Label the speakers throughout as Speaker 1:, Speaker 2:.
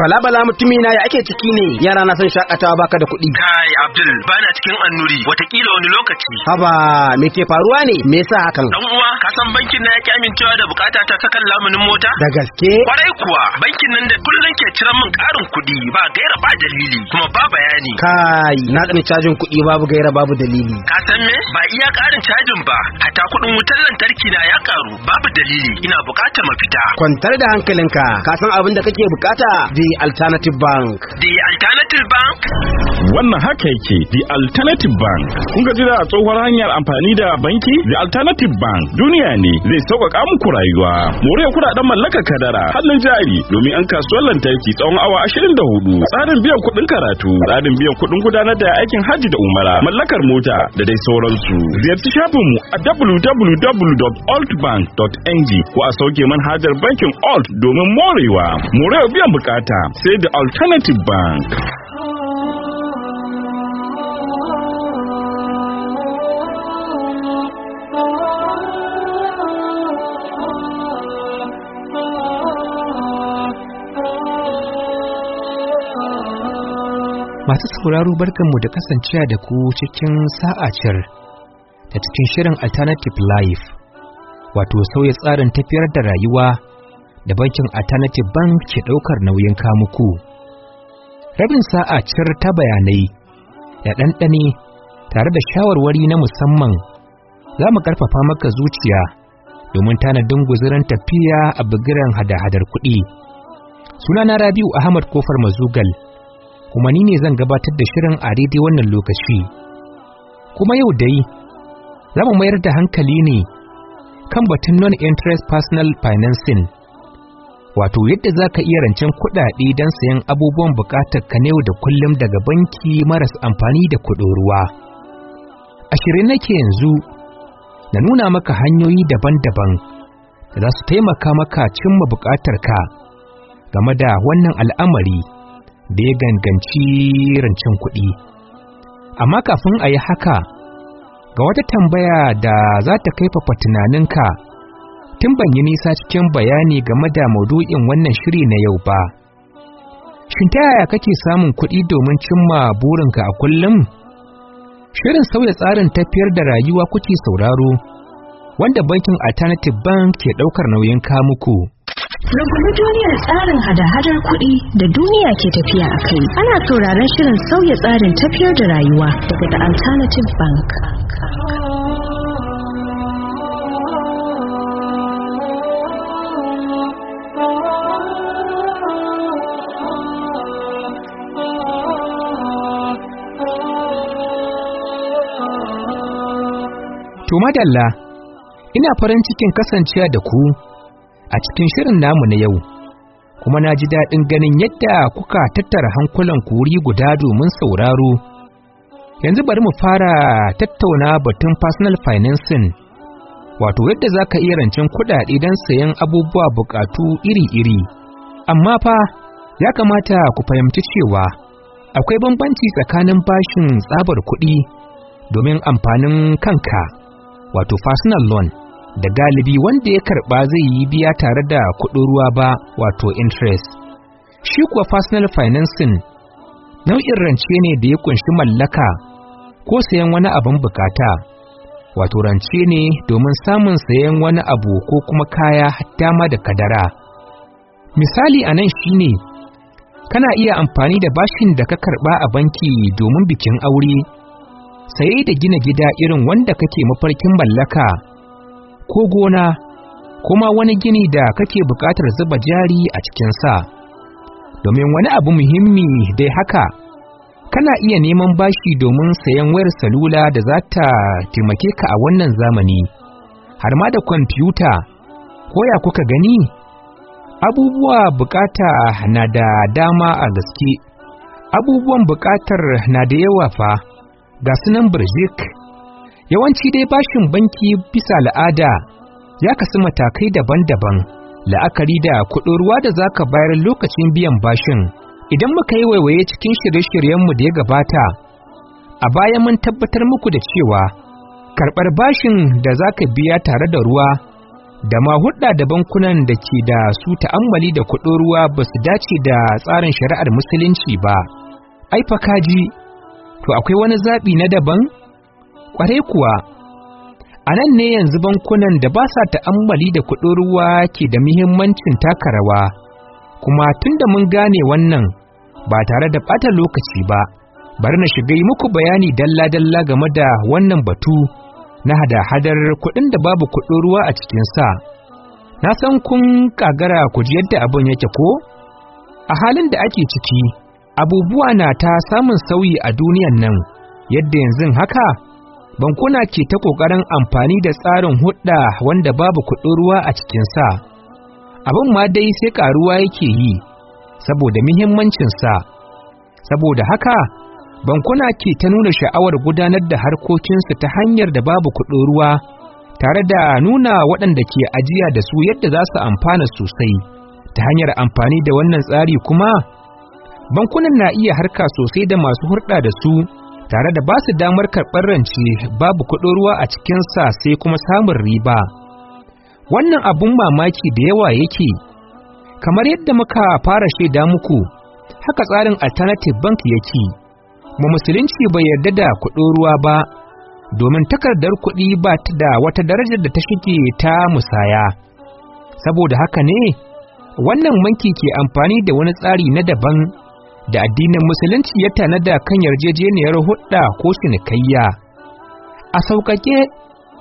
Speaker 1: Bala bala mutumi na ya ake ciki ne yara na son shakatawa baka da kuɗi.
Speaker 2: Kai Abdul bana cikin annuri watakila wani lokaci.
Speaker 1: Haba me ke faruwa ne me yasa hakan? Dan
Speaker 2: uwa ka san bankin na yake amincewa da bukata ta sakan lamunin mota?
Speaker 1: Da gaske. Kwarai
Speaker 2: kuwa bankin nan da kullun ke ciran min karin kuɗi ba gaira ba dalili kuma ba bayani.
Speaker 1: Kai na tsani cajin kuɗi babu gaira babu dalili.
Speaker 2: Ka san me ba iya karin cajin ba hata kuɗin wutar lantarki na ya karu babu dalili ina bukatar mafita.
Speaker 1: Kwantar da hankalinka ka san abin da kake
Speaker 3: bukata zai The Alternative Bank.
Speaker 2: The Alternative Bank?
Speaker 3: Wannan haka yake The Alternative Bank. Kun ga jira a tsohuwar hanyar amfani da banki? The Alternative Bank duniya ne zai sauƙaƙa muku rayuwa. More kuɗaɗen mallaka kadara, hannun jari domin an kasuwar lantarki tsawon awa ashirin da hudu. Tsarin biyan kuɗin karatu, tsarin biyan kuɗin gudanar da aikin hajji da umara, mallakar mota da dai sauransu. shafin mu a www.altbank.ng ko a sauke manhajar bankin Alt domin morewa. More biyan bukata. sai da Alternative Bank.
Speaker 4: Masu sauraro barkanmu da kasancewa da ku cikin sa'acir da cikin shirin Alternative Life, wato sauya tsarin tafiyar da rayuwa da bankin Alternative Bank ke ɗaukar nauyin kamuku. Rabin sa'a cir ta bayanai da ɗanɗane tare da shawarwari na musamman za mu ƙarfafa maka zuciya domin tanadin guzuran tafiya a bigiran hada-hadar kuɗi. Sunana Rabiu Ahmad Kofar Mazugal, kuma ni ne zan gabatar da shirin a daidai wannan lokaci. Kuma yau dai, za mu mayar da hankali ne kan batun non-interest personal financing. wato yadda za ka iya rancen kuɗaɗe don sayan abubuwan buƙatar ka yau da kullum daga banki maras amfani da kuɗin ruwa. A shirin nake yanzu na nuna maka hanyoyi daban-daban da za su taimaka maka cimma buƙatar ka game da wannan al'amari da ya ganganci rancen kuɗi. Amma kafin a yi haka, ga wata tambaya da za ta kaifafa tunaninka. tun ban yi nisa cikin bayani game da maudu'in wannan shiri na yau ba. Shin ta yaya kake samun kuɗi domin cimma burinka a kullum? Shirin sauya tsarin tafiyar da rayuwa kuke sauraro, wanda bankin Alternative Bank ke ɗaukar nauyin kamuku.
Speaker 3: Rukunin duniyar tsarin hada-hadar kuɗi da duniya ke tafiya a kai. Ana sauraron shirin sauya tsarin tafiyar da rayuwa daga The Alternative Bank.
Speaker 4: To madalla, ina farin cikin kasancewa da ku a cikin shirin namu na yau, kuma na ji daɗin ganin yadda kuka tattara hankulan wuri guda domin sauraro. Yanzu bari mu fara tattauna batun personal financing, wato yadda za ka iya rancen kuɗaɗe don sayan abubuwa buƙatu iri-iri. Amma fa, ya kamata ku fahimci cewa akwai bambanci tsakanin bashin tsabar kuɗi domin amfanin kanka. wato personal loan da galibi wanda ya karba zai yi biya tare da kuɗin ruwa ba wato interest shi kuwa personal financing nau'in rance ne da ya kunshi mallaka ko sayan wani abin bukata wato rance ne domin samun sayan wani abu ko kuma kaya dama da kadara misali anan nan shine kana iya amfani da bashin da ka karba a banki domin bikin aure saye da gina gida irin wanda kake mafarkin mallaka ko gona kuma wani gini da kake buƙatar zuba jari a cikinsa domin wani abu muhimmi dai haka kana iya neman bashi domin sayan wayar salula da za ta taimake ka a wannan zamani har ma da kwamfuta koya kuka gani abubuwa bukata na da dama a gaske abubuwan bukatar na da yawa fa ga sunan birjik yawanci dai bashin banki bisa la'ada. ya kasu matakai daban-daban la'akari da kuɗin ruwa da za ka bayar lokacin biyan bashin idan muka yi waiwaye cikin shirye-shiryenmu da ya gabata a baya mun tabbatar muku da cewa karɓar bashin da za ka biya tare da ruwa da ma hudda da bankunan da ke da su ta'ammali da kuɗin ruwa ba su dace da tsarin shari'ar musulunci ba ai kaji to akwai wani zaɓi na daban? Ƙwarai kuwa, a nan ne yanzu bankunan da ba sa ta'ammali da kuɗin ruwa ke da muhimmancin taka rawa, kuma tunda mun gane wannan ba tare da ɓata lokaci ba, bari na shiga yi muku bayani dalla-dalla game da wannan batu na hada-hadar kuɗin da babu kuɗin ruwa a cikinsa. Na san kun kagara ku ji yadda abin yake ko? A halin da ake ciki, abubuwa na ta samun sauyi a duniyan nan yadda yanzu haka bankuna ke ta ƙoƙarin amfani da tsarin hudda wanda babu kuɗin ruwa a cikinsa abin ma dai sai ƙaruwa yake yi saboda muhimmancinsa saboda haka bankuna ke ta nuna sha'awar gudanar da harkokinsu ta hanyar da babu kuɗin ruwa tare da nuna waɗanda ke ajiya da su yadda za su amfana sosai ta hanyar amfani da wannan tsari kuma bankunan na iya harka sosai da masu hurɗa da su tare da ba su damar karɓar rance babu kuɗin ruwa a cikinsa sai kuma samun riba wannan abun mamaki da yawa yake kamar yadda muka fara shaida muku haka tsarin alternative bank yake ba musulunci bai yarda da kuɗin ruwa ba domin takardar kuɗi ba ta da wata darajar da ta shige ta musaya saboda haka ne wannan banki ke amfani da wani tsari na daban da addinin musulunci ya tanada kan yarjejeniyar hudda ko shinikayya a sauƙaƙe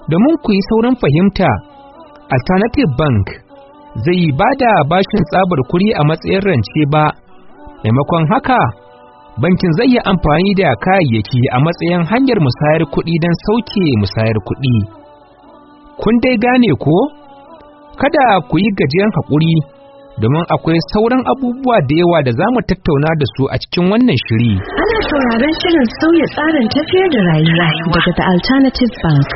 Speaker 4: domin ku yi saurin fahimta alternative bank zai ba da bashin tsabar kuri a matsayin rance ba maimakon haka bankin zai yi amfani da kayayyaki a matsayin hanyar musayar kuɗi don sauke musayar kuɗi kun dai gane ko kada ku yi gajiyan haƙuri domin akwai sauran abubuwa da yawa da za mu tattauna da su a cikin wannan shiri.
Speaker 3: Ana sauraron shirin sauya tsarin tafiyar da rayuwa daga The Alternative Bank.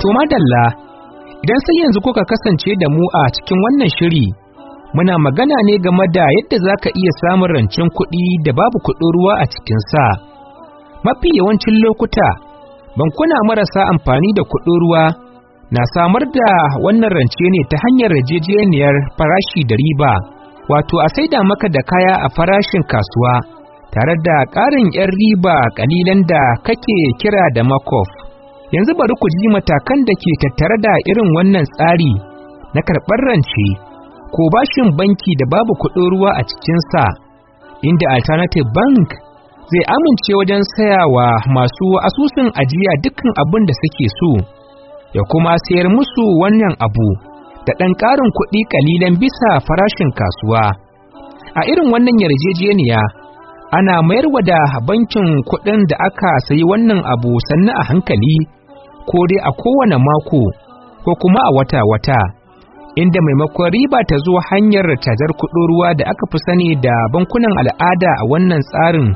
Speaker 4: To madalla, idan sai yanzu kuka kasance da mu a cikin wannan shiri muna magana ne game da yadda za ka iya samun rancen kuɗi da babu kuɗin ruwa a cikinsa. Mafi yawancin lokuta, bankuna marasa amfani da kuɗin ruwa na samar da wannan rance ne ta hanyar yarjejeniyar farashi da riba, wato a saida maka da kaya a farashin kasuwa, tare da ƙarin 'yan riba ƙalilan da kake kira da makof. Yanzu bari ku ji matakan da ke tattare da irin wannan tsari na karɓar rance. ko bashin banki da babu kuɗin ruwa a cikinsa inda alternative bank zai amince wajen sayawa masu asusun ajiya dukkan abin da suke so ya kuma sayar musu wannan abu da ɗan ƙarin kuɗi ƙalilan bisa farashin kasuwa a irin wannan yarjejeniya ana mayar da bankin kuɗin da aka sayi wannan abu sannu a hankali ko dai a kowane mako ko kuma a wata-wata inda maimakon riba ta zo hanyar cajar kuɗin ruwa da aka fi sani da bankunan al'ada a wannan tsarin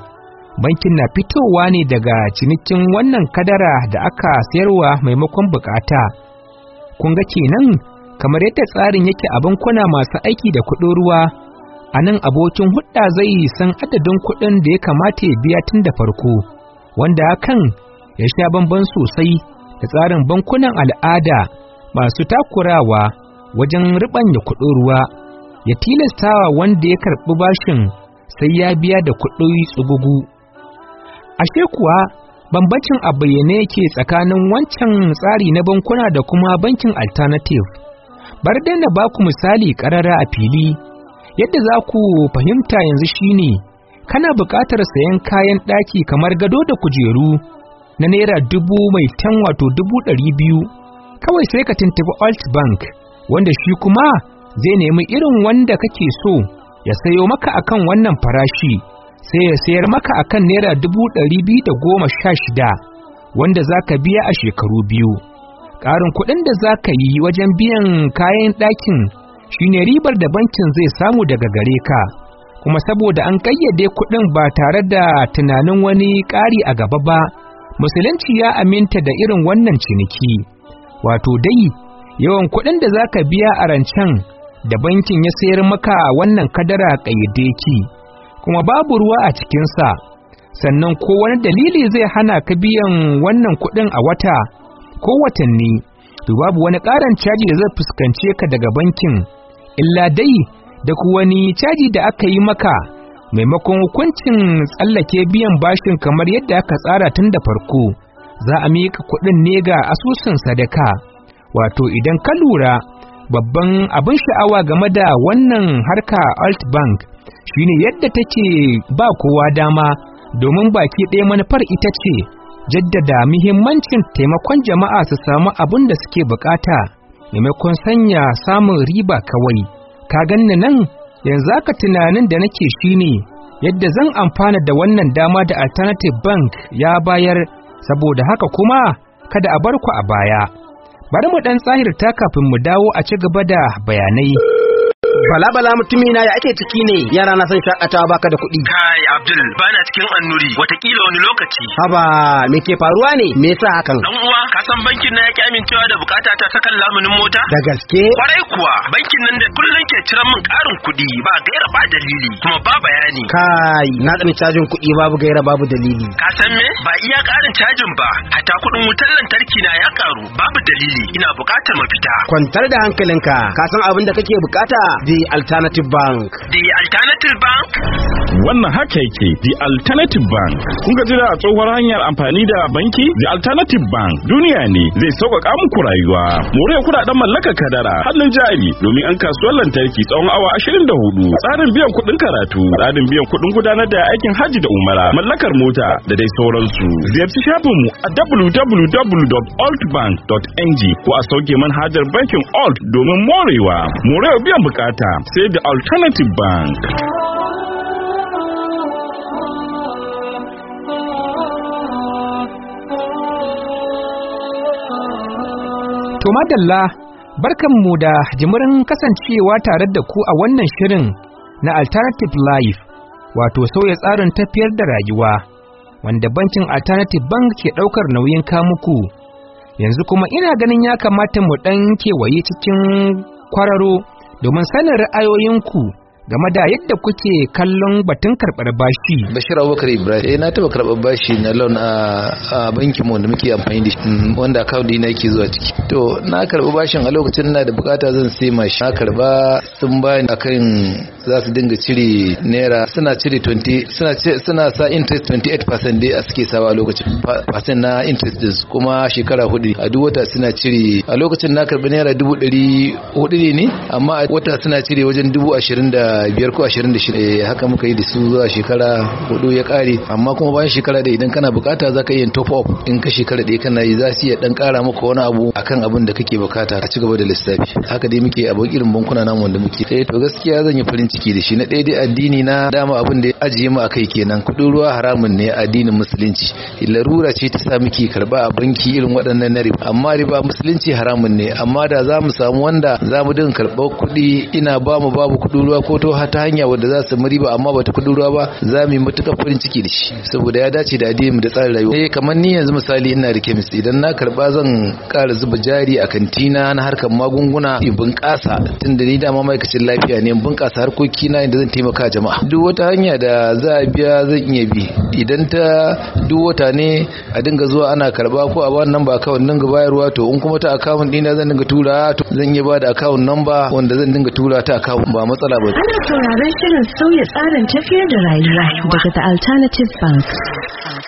Speaker 4: bankin na fitowa ne daga cinikin wannan kadara da aka sayarwa maimakon bukata kun ga kenan kamar yadda tsarin yake a bankuna masu aiki da kuɗin ruwa a nan abokin hudda zai san adadin kuɗin da ya kamata ya biya tun da farko wanda hakan ya sha bamban sosai da tsarin bankunan al'ada masu takurawa wajen riɓanya kuɗin ruwa ya tilastawa wanda ya karɓi bashin sai ya biya da kuɗi tsugugu ashe kuwa bambancin a bayyane yake tsakanin wancan tsari na bankuna da kuma bankin alternative bar dai na baku misali ƙarara a fili yadda za ku fahimta yanzu shine kana buƙatar sayan kayan ɗaki kamar gado da kujeru na naira dubu mai tan wato dubu ɗari biyu kawai sai ka tuntuɓi alt bank wanda shi kuma zai nemi irin wanda kake so ya sayo maka akan wannan farashi sai ya sayar maka akan naira dubu ɗari biyu da goma sha shida wanda za ka biya a shekaru biyu ƙarin kuɗin da za ka yi wajen biyan kayan ɗakin shine ribar da bankin zai samu daga gare ka kuma saboda an ƙayyade kuɗin ba tare da tunanin wani ƙari a gaba ba musulunci ya aminta da irin wannan ciniki wato dai yawan kuɗin da za ka biya a rancen da bankin ya sayar maka a wannan kadara ƙayyade ki kuma babu ruwa a cikinsa sannan ko wani dalili zai hana ka biyan wannan kuɗin a wata ko watanni to babu wani ƙarin caji da zai fuskance ka daga bankin illa dai da ku wani caji da aka yi maka maimakon hukuncin tsallake biyan bashin kamar yadda aka tsara tun da farko za a miƙa kuɗin ne ga asusun sadaka. wato idan ka lura babban abin sha'awa game da wannan harka altbank shine yadda take ba kowa dama domin baki ɗaya manufar ita ce jaddada muhimmancin taimakon jama'a su samu abin da suke bukata maimakon sanya samun riba kawai ka ganna nan yanzu aka tunanin da nake shine yadda zan amfana da wannan dama da alternative bank ya bayar saboda haka kuma kada a bar ku a baya bari mu ɗan tsahirta kafin mu dawo a ci gaba da bayanai Bala bala mutumi na ya ake ciki ne yara
Speaker 1: na san shakatawa baka da kuɗi.
Speaker 2: Kai Abdul bana cikin annuri watakila wani lokaci. Haba
Speaker 1: me ke faruwa ne me yasa hakan? Dan
Speaker 2: uwa ka san bankin na yake amincewa da bukata ta sakan lamunin mota? Da
Speaker 1: gaske. Kwarai
Speaker 2: kuwa bankin nan da kullun ke ciran min karin kuɗi ba gaira ba
Speaker 1: dalili kuma ba bayani. Kai na tsani cajin kuɗi babu gaira babu dalili.
Speaker 2: Ka san me? Ba iya karin cajin ba hatta kuɗin wutar lantarki na ya karu babu dalili ina bukatar mafita.
Speaker 1: Kwantar da hankalinka ka san abin da kake bukata The Alternative Bank.
Speaker 2: The Alternative
Speaker 3: Bank? Wannan haka yake The Alternative Bank. Kun ga jira a tsohuwar hanyar amfani da banki? The Alternative Bank duniya ne zai sauƙaƙa muku rayuwa. More kuɗaɗen mallaka kadara, hannun jari domin an kasuwar lantarki tsawon awa ashirin da hudu Tsarin biyan kuɗin karatu, tsarin biyan kuɗin gudanar da aikin hajji da umara, mallakar mota da dai sauransu. Ziyarci mu a www.altbank.ng ko a sauke manhajar bankin Alt domin morewa. Morewa biyan bukatu bukata sai da alternative bank
Speaker 4: to madalla barkanmu da jimirin kasancewa tare da ku a wannan shirin na alternative life wato sauya tsarin tafiyar da rayuwa wanda bankin alternative bank ke ɗaukar nauyin kamuku yanzu kuma ina ganin ya kamata mu ɗan kewaye cikin kwararo domin sanin ra'ayoyinku game da yadda kuke
Speaker 5: kallon batun karɓar bashi. Bashir Abubakar Ibrahim, eh na taɓa karɓar bashi na loan a bankin mu da muke amfani da shi mm, wanda account ɗina yake zuwa ciki. To na karɓi bashin a lokacin na da bukata zan sai mashi. Na karɓa sun bani akan za su dinga cire naira suna cire 20 suna suna sa interest 28% dai a suke sawa a lokacin percent na interest din kuma shekara hudu a duk wata suna cire a lokacin na karɓi naira dubu ɗari hudu ne amma a wata suna cire wajen dubu ashirin da biyar ko ashirin da shida eh, haka muka yi da su zuwa shekara hudu ya kare amma kuma bayan shekara da idan kana bukata za ka yi top up in ka shekara ɗaya kana yi za su iya dan kara maka wani abu akan abin da kake bukata a cigaba da lissafi haka dai muke abin irin bankuna namu wanda muke sai eh, to gaskiya zan yi farin ciki da shi na daidai addini na dama abin da ya ajiye mu a akai kenan kudin ruwa haramun ne addinin musulunci larura ce ta sa muke karba a banki irin waɗannan na riba amma riba musulunci haramun ne amma da za mu samu wanda za mu din karɓar kuɗi ina ba mu babu kuɗin ruwa ko fito ta hanya wanda za su riba amma ba ta kudin ruwa ba za mu yi matuƙar farin ciki da shi saboda ya dace da addini da tsarin rayuwa eh kamar ni yanzu misali ina da kemis idan na karba zan ƙara zuba jari a kantina na harkar magunguna in bunƙasa tunda ni dama ma'aikacin lafiya ne in bunƙasa harkoki na inda zan taimaka jama'a duk wata hanya da za a biya zan iya bi idan ta duk wata ne a dinga zuwa ana karba ko a ba nan ba dinga bayarwa to in kuma ta akawun dina zan dinga tura to zan iya ba da akawun namba wanda zan dinga tura ta akawun ba matsala ba
Speaker 3: Kuna sauraron shirin sauya tsarin tafiyar da rayuwa daga The Alternative Bank.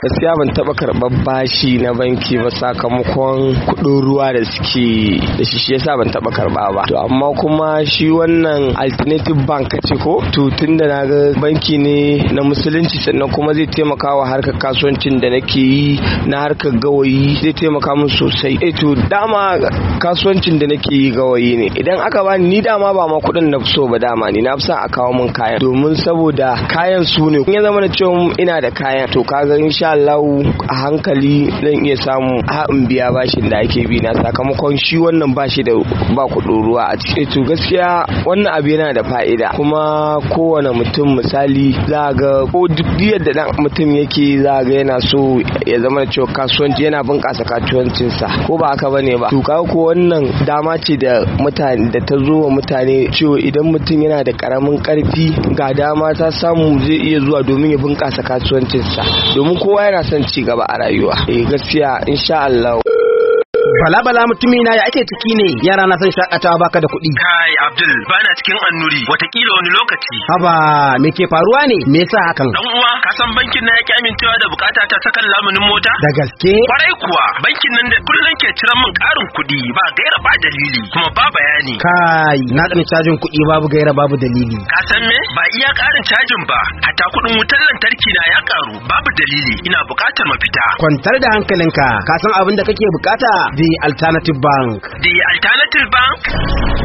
Speaker 5: Gaskiya ban taɓa karɓar
Speaker 6: bashi na banki ba sakamakon kuɗin ruwa da suke da shi yasa ban taɓa karɓa ba. To amma kuma shi wannan Alternative Bank ce ko? To tun da na ga banki ne na musulunci sannan kuma zai taimaka wa harkar kasuwancin da nake yi na harkar gawayi zai taimaka min sosai. E to dama kasuwancin da nake yi gawayi ne. Idan aka bani ni dama ba ma kuɗin na so ba dama ni na fi sa a kawo min kayan domin saboda kayan su ne in ya zama da cewa ina da kayan to kaga insha Allah a hankali zan iya samu a in biya bashin da ake bi na sakamakon shi wannan bashi da ba kuɗin ruwa a ciki eh to gaskiya wannan abu yana da fa'ida kuma kowane mutum misali za ga ko duk yadda dan mutum yake za ga yana so ya zama da cewa kasuwanci yana bunƙasa sa ko ba haka bane ba to kaga ko wannan dama ce da mutane da ta zo wa mutane cewa idan mutum yana da ƙaramin samun karfi ga dama ta samu zai iya zuwa domin ya bunƙasa kasuwancinsa domin kowa yana son ci gaba a rayuwa eh, gaskiya insha Allah Bala bala mutumi na ya ake ciki ne yara na san
Speaker 1: shakatawa baka da kuɗi.
Speaker 2: Kai Abdul bana cikin annuri watakila wani lokaci.
Speaker 1: Haba me ke faruwa ne me yasa hakan? Dan
Speaker 2: uwa ka san bankin na yake amincewa da bukata ta sakan lamunin mota?
Speaker 1: Da gaske. Kwarai
Speaker 2: kuwa bankin nan da kullun ke ciran min karin kuɗi ba gaira ba dalili kuma ba
Speaker 1: bayani. Kai na tsani cajin kuɗi babu gaira babu dalili.
Speaker 2: Ka san me? Ba iya karin cajin ba hatta kuɗin wutar lantarki na ya karu babu dalili ina bukatar mafita. Kwantar
Speaker 1: da hankalinka ka san abin da kake bukata alternative bank.
Speaker 2: The alternative Alternative Bank?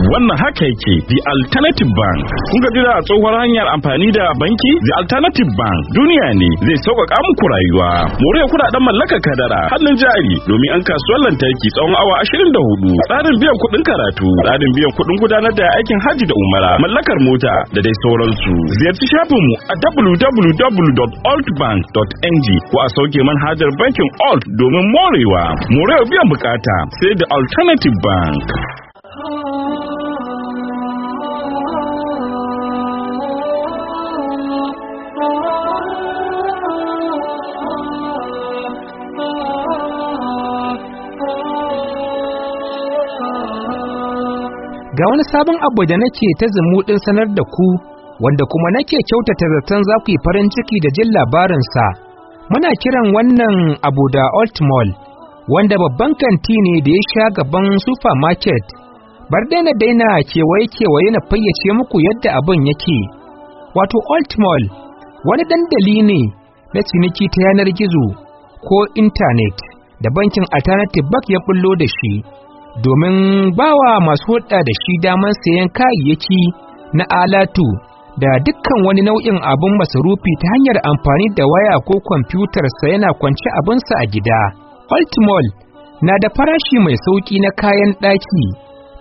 Speaker 3: Wannan haka yake The Alternative Bank. Kun gaji a tsohuwar hanyar amfani da banki? The Alternative Bank duniya ne zai sauƙaƙa muku rayuwa. More kuɗaɗen mallaka kadara, hannun jari domin an kasuwar lantarki tsawon awa ashirin da hudu. Tsarin biyan kuɗin karatu, tsarin biyan kuɗin gudanar da aikin hajji da umara, mallakar mota da dai sauransu. Ziyarci shafinmu a www.altbank.ng ko a sauke manhajar bankin Alt domin morewa. Morewa biyan bukata sai da Alternative Bank.
Speaker 4: ga wani sabon abu da nake ta zumuɗin sanar da ku wanda kuma nake kyautata zaton za ku yi farin ciki da jin labarinsa muna kiran wannan abu da Mall, wanda babban kanti ne da ya sha gaban supermarket bar daina daina kewaye kewaye na fayyace muku yadda abin yake wato Mall wani dandali ne na ciniki ta yanar gizo ko intanet da bankin alternative bank ya bullo da shi domin bawa masu hulɗa da shi damar sayan kayayyaki na alatu da dukkan wani nau'in abin masarufi ta hanyar amfani da waya ko kwamfutarsa yana kwance abinsa a gida. Altimol na da farashi mai sauƙi na kayan ɗaki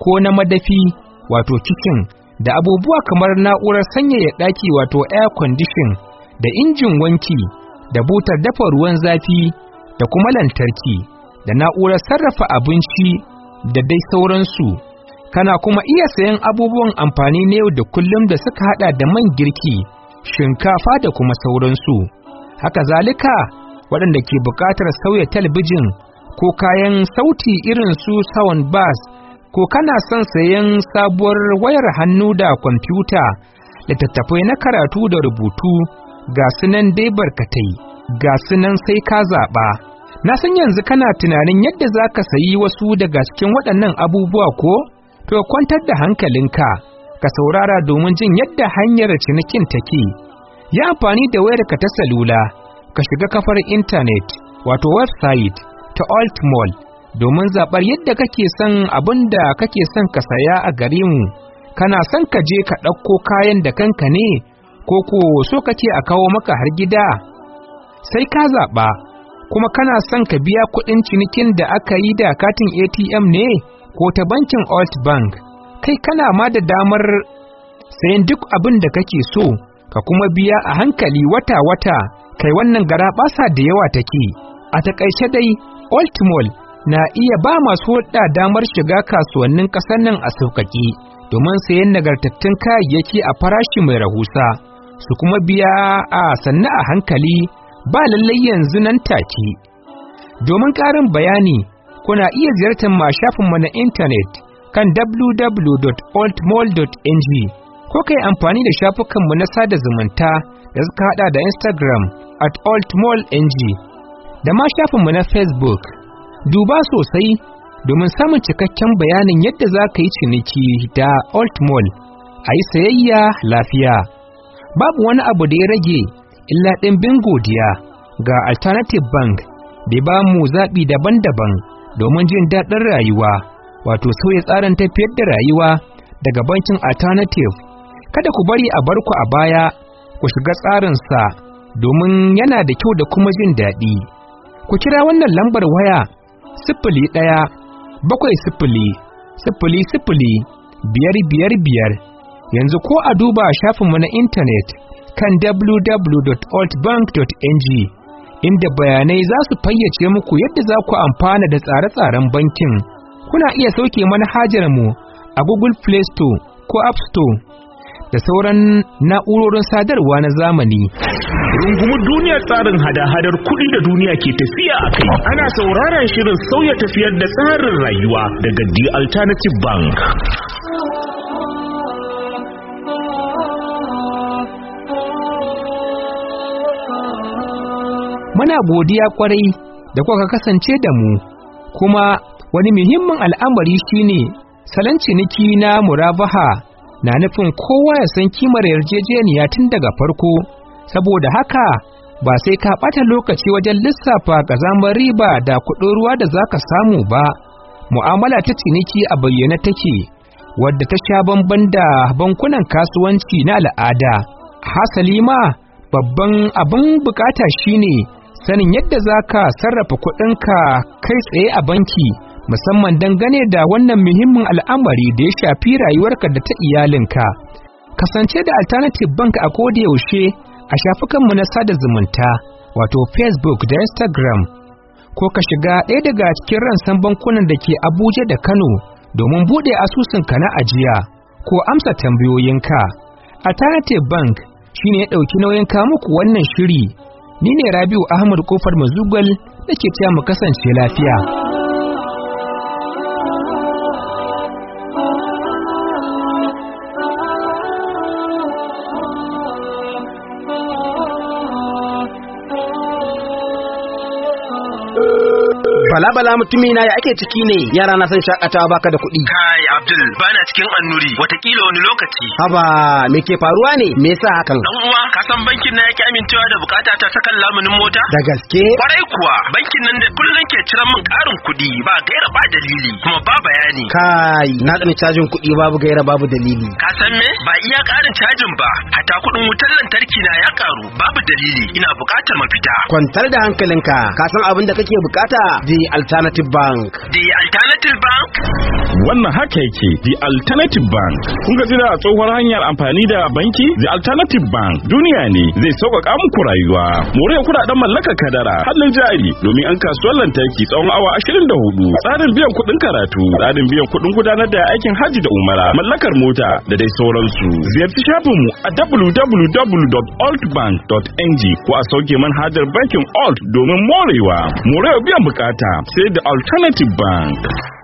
Speaker 4: ko na madafi wato kicin da abubuwa kamar na'urar sanyaya ɗaki wato air condition da injin wanki da butar dafa ruwan zafi da kuma lantarki da na'urar sarrafa abinci da dai sauransu kana kuma iya sayan abubuwan amfani na yau da kullum da suka hada da man girki shinkafa da kuma sauransu haka zalika waɗanda ke buƙatar sauya talabijin ko kayan sauti irin su sound bas, ko kana son sayan sabuwar wayar hannu da kwamfuta littattafai na karatu da rubutu ga sunan dai barkatai ga sunan sai ka zaɓa. na san yanzu kana tunanin yadda za ka sayi wasu daga cikin waɗannan abubuwa ko to kwantar da hankalinka ka saurara domin jin yadda hanyar cinikin take yi amfani da wayarka ta salula ka shiga kafar intanet wato website ta alt mall domin zaɓar yadda kake son abin da kake son ka saya a gare mu kana son ka je ka ɗauko kayan da kanka ne ko ko so kake a kawo maka har gida sai ka zaɓa kuma kana son ka biya kuɗin cinikin da aka yi da katin ATM ne ko ta bankin Alt Bank, kai kana ma da damar sayan duk abin da kake so, ka kuma biya a hankali wata-wata, kai wannan gara basa da yawa take. A taƙaice dai, Alt Mall na iya ba masu hulɗa damar shiga kasuwannin ƙasar nan a sauƙaƙe, domin sayan nagartattun kayayyaki a farashi mai rahusa, su kuma biya a sannu a hankali ba lallai yanzu nan take domin ƙarin bayani kuna iya ziyartar ma shafinmu na intanet kan www.oldmall.ng ko kai amfani da shafukanmu na sada zumunta da suka hada da instagram at altmallng da ma shafinmu na facebook duba sosai domin samun cikakken bayanin yadda za ka yi ciniki da altmall a yi sayayya lafiya babu wani abu da ya rage illa bin godiya ga alternative bank da ba mu zaɓi daban-daban domin jin daɗin rayuwa wato sauya tsarin tafiyar da rayuwa daga bankin alternative kada ku bari a barku a baya ku shiga tsarinsa domin yana da kyau da kuma jin daɗi ku kira wannan lambar waya sifili ɗaya bakwai sifili sifili sifili biyar biyar biyar yanzu ko a duba shafinmu na intanet kan www.altbank.ng inda bayanai za su fayyace muku yadda za ku amfana da tsare-tsaren bankin. Kuna iya sauke manhajar mu a Google Play Store ko App Store da sauran na'urorin sadarwa na zamani. Rungumu duniyar tsarin hada-hadar kuɗi da duniya ke tafiya a kai. Ana
Speaker 2: sauraron shirin sauya tafiyar da tsarin rayuwa daga The Alternative Bank.
Speaker 4: muna godiya kwarai da kuka kasance da mu kuma wani muhimmin al'amari shine salon ciniki na murabaha na nufin kowa ya san kimar yarjejeniya tun daga farko saboda haka ba sai ka ɓata lokaci wajen lissafa ƙazamar riba da kuɗin ruwa da za ka samu ba mu'amala ta ciniki a bayyane take wadda ta sha bamban da bankunan kasuwanci na al'ada hasali ma babban abin bukata shine sanin yadda za ka sarrafa kuɗinka kai tsaye a banki musamman dangane da wannan muhimmin al'amari da ya shafi rayuwarka da ta iyalinka kasance da alternative bank a yaushe a shafukanmu na sada zumunta wato facebook da instagram ko ka shiga ɗaya daga cikin ransan bankunan da ke abuja da kano domin buɗe asusunka na ajiya ko amsa tambayoyinka alternative bank shine ya ɗauki nauyin kawo muku wannan shiri ni ne Rabiu Ahmad Kofar Mazugal nake cewa mu
Speaker 2: kasance lafiya.
Speaker 1: bala mutumi na ya ake ciki ne yara na san shakatawa baka da kuɗi
Speaker 2: kai abdul bana cikin annuri watakila wani lokaci haba me
Speaker 1: ke faruwa ne me yasa hakan dan
Speaker 2: uwa ka san bankin na yake amincewa da bukata ta sakan lamunin mota da gaske kwarai kuwa bankin nan da kullun ke cire min karin kuɗi ba gaira ba dalili kuma ba
Speaker 1: bayani kai na tsani cajin kuɗi babu gaira babu dalili ka
Speaker 2: san me ba iya karin cajin ba hata kuɗin wutar lantarki na ya karu babu dalili ina bukatar mafita kwantar
Speaker 1: da hankalinka ka san abin da kake bukata
Speaker 3: je Alternative Bank.
Speaker 2: The Alternative Bank?
Speaker 3: Wannan haka yake The Alternative Bank. Kun ga a tsohuwar hanyar amfani da banki? The Alternative Bank duniya ne zai sauƙaƙa muku rayuwa. More kuɗaɗen mallakar kadara, hannun jari domin an kasuwar lantarki tsawon awa 24. Tsarin biyan kuɗin karatu, tsarin biyan kuɗin gudanar da aikin hajji da umara, mallakar mota da dai sauransu. Ziyarci mu a www.altbank.ng ko a sauke manhajar bankin Alt domin morewa. Morewa biyan bukata. say the Alternative Bank.